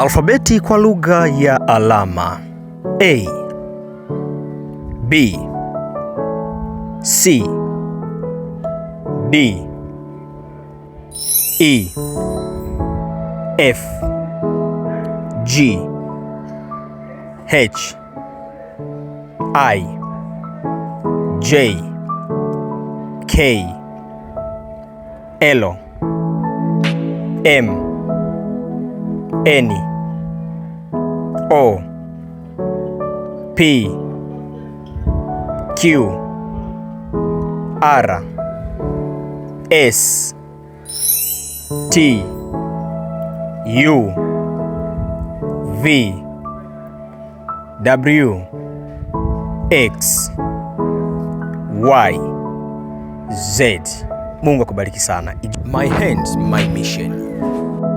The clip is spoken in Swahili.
Alfabeti kwa lugha ya alama: A, B, C, D, E, F, G, H, I, J, K, L, M, N O P Q R S T U V W X Y Z. Mungu akubariki sana. My hands, my mission.